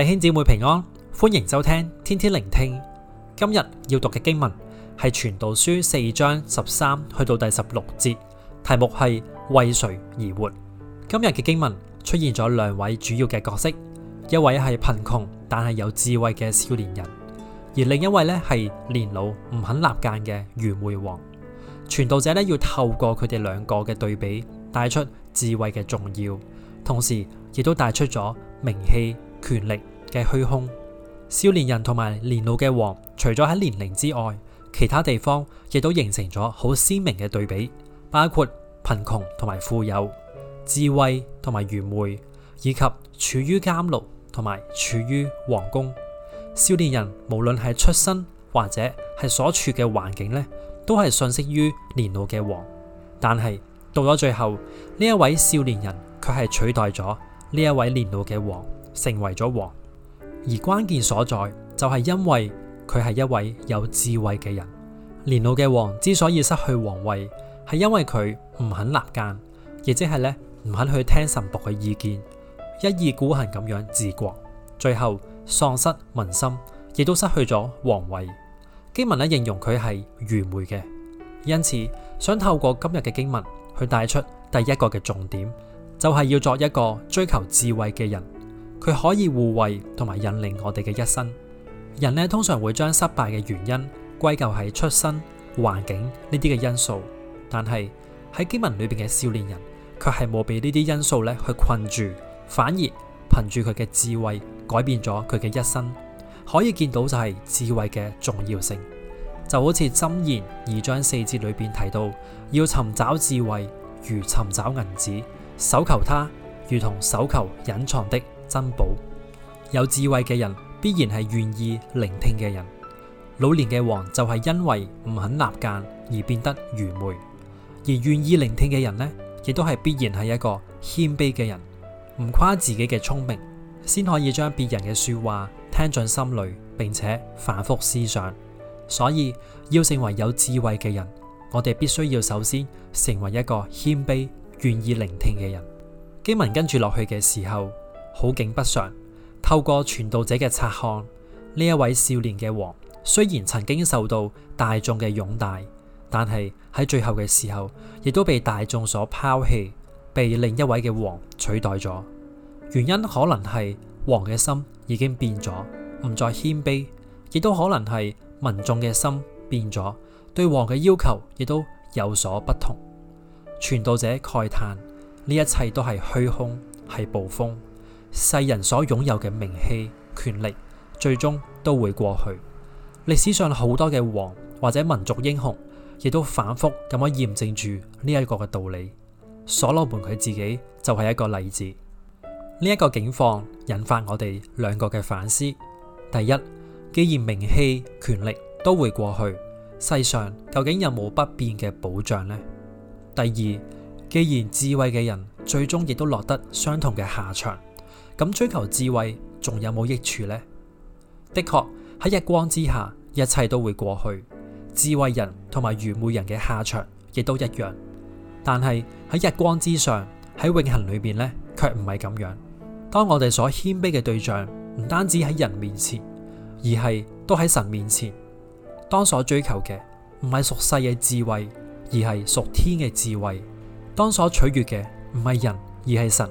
弟兄姊妹平安，歡迎收聽，天天靈聽。今日要讀嘅經文係《傳道書》四章十三去到第十六節，題目係為誰而活。今日嘅經文出現咗兩位主要嘅角色，一位係貧窮但係有智慧嘅少年人，而另一位呢係年老唔肯納諫嘅愚昧王。傳道者呢要透過佢哋兩個嘅對比，帶出智慧嘅重要，同時亦都帶出咗名氣、權力嘅虛空，少年人同埋年老嘅王，除咗喺年齡之外，其他地方亦都形成咗好鮮明嘅對比，包括貧窮同埋富有、智慧同埋愚昧，以及處於監牢同埋處於皇宮。少年人無論係出身或者係所處嘅環境呢，都係遜色於年老嘅王，但係到咗最後呢一位少年人，佢係取代咗呢一位年老嘅王，成為咗王，而關鍵所在就係、是、因為佢係一位有智慧嘅人。年老嘅王之所以失去王位，係因為佢唔肯納諫，亦即係呢，唔肯去聽臣僕嘅意見，一意孤行咁樣治國，最後喪失民心，亦都失去咗王位。經文咧形容佢係愚昧嘅，因此想透過今日嘅經文去帶出第一個嘅重點，就係、是、要作一個追求智慧嘅人。佢可以護衛同埋引領我哋嘅一生。人呢，通常會將失敗嘅原因歸咎喺出身、環境呢啲嘅因素，但係喺經文裏邊嘅少年人卻係冇被呢啲因素咧去困住，反而憑住佢嘅智慧改變咗佢嘅一生。可以見到就係智慧嘅重要性，就好似《箴言二章四節》裏邊提到，要尋找智慧如尋找銀子，搜求它，如同搜求隱藏的珍寶。有智慧嘅人，必然係願意聆聽嘅人。老年嘅王就係因為唔肯納諫而變得愚昧，而願意聆聽嘅人呢，亦都係必然係一個謙卑嘅人，唔誇自己嘅聰明，先可以將別人嘅說話聽進心裏，並且反復思想。所以要成為有智慧嘅人，我哋必須要首先成為一個謙卑、願意聆聽嘅人。經文跟住落去嘅時候。好景不常，透過傳道者嘅察看，呢一位少年嘅王雖然曾經受到大眾嘅擁戴，但係喺最後嘅時候，亦都被大眾所拋棄，被另一位嘅王取代咗。原因可能係王嘅心已經變咗，唔再謙卑，亦都可能係民眾嘅心變咗，對王嘅要求亦都有所不同。傳道者慨嘆，呢一切都係虛空，係捕風。世人所擁有嘅名氣、權力，最終都會過去。歷史上好多嘅王或者民族英雄，亦都反復咁樣驗證住呢一個嘅道理。所羅門佢自己就係一個例子。呢、這、一個境況引發我哋兩個嘅反思：第一，既然名氣、權力都會過去，世上究竟有冇不變嘅保障呢？第二，既然智慧嘅人最終亦都落得相同嘅下場。咁追求智慧仲有冇益處呢？的確喺日光之下，一切都會過去，智慧人同埋愚昧人嘅下場亦都一樣。但係喺日光之上，喺永恆裏邊呢，卻唔係咁樣。當我哋所謙卑嘅對象，唔單止喺人面前，而係都喺神面前。當所追求嘅唔係屬世嘅智慧，而係屬天嘅智慧；當所取悅嘅唔係人，而係神。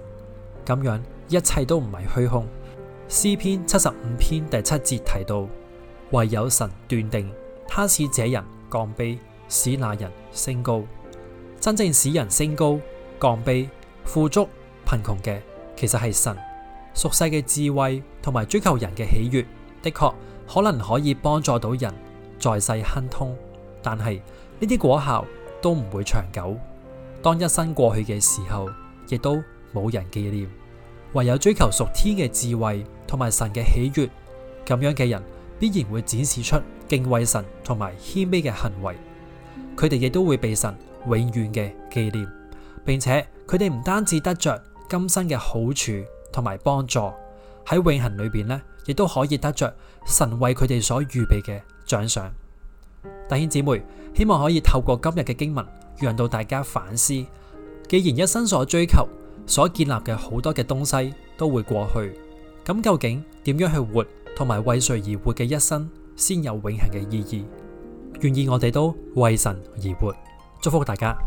咁樣。一切都唔係虛空。詩篇七十五篇第七節提到，唯有神斷定，他使這人降卑，使那人升高。真正使人升高、降卑、富足、貧窮嘅，其實係神。屬世嘅智慧同埋追求人嘅喜悅，的確可能可以幫助到人在世亨通，但係呢啲果效都唔會長久。當一生過去嘅時候，亦都冇人紀念。唯有追求屬天嘅智慧同埋神嘅喜悅，咁樣嘅人必然會展示出敬畏神同埋謙卑嘅行為。佢哋亦都會被神永遠嘅紀念，並且佢哋唔單止得着今生嘅好處同埋幫助，喺永恒裏邊呢，亦都可以得着神為佢哋所預備嘅獎賞。弟兄姊妹，希望可以透過今日嘅經文，讓到大家反思，既然一生所追求，所建立嘅好多嘅東西都會過去，咁究竟點樣去活同埋為誰而活嘅一生先有永恒嘅意義？願意我哋都為神而活，祝福大家。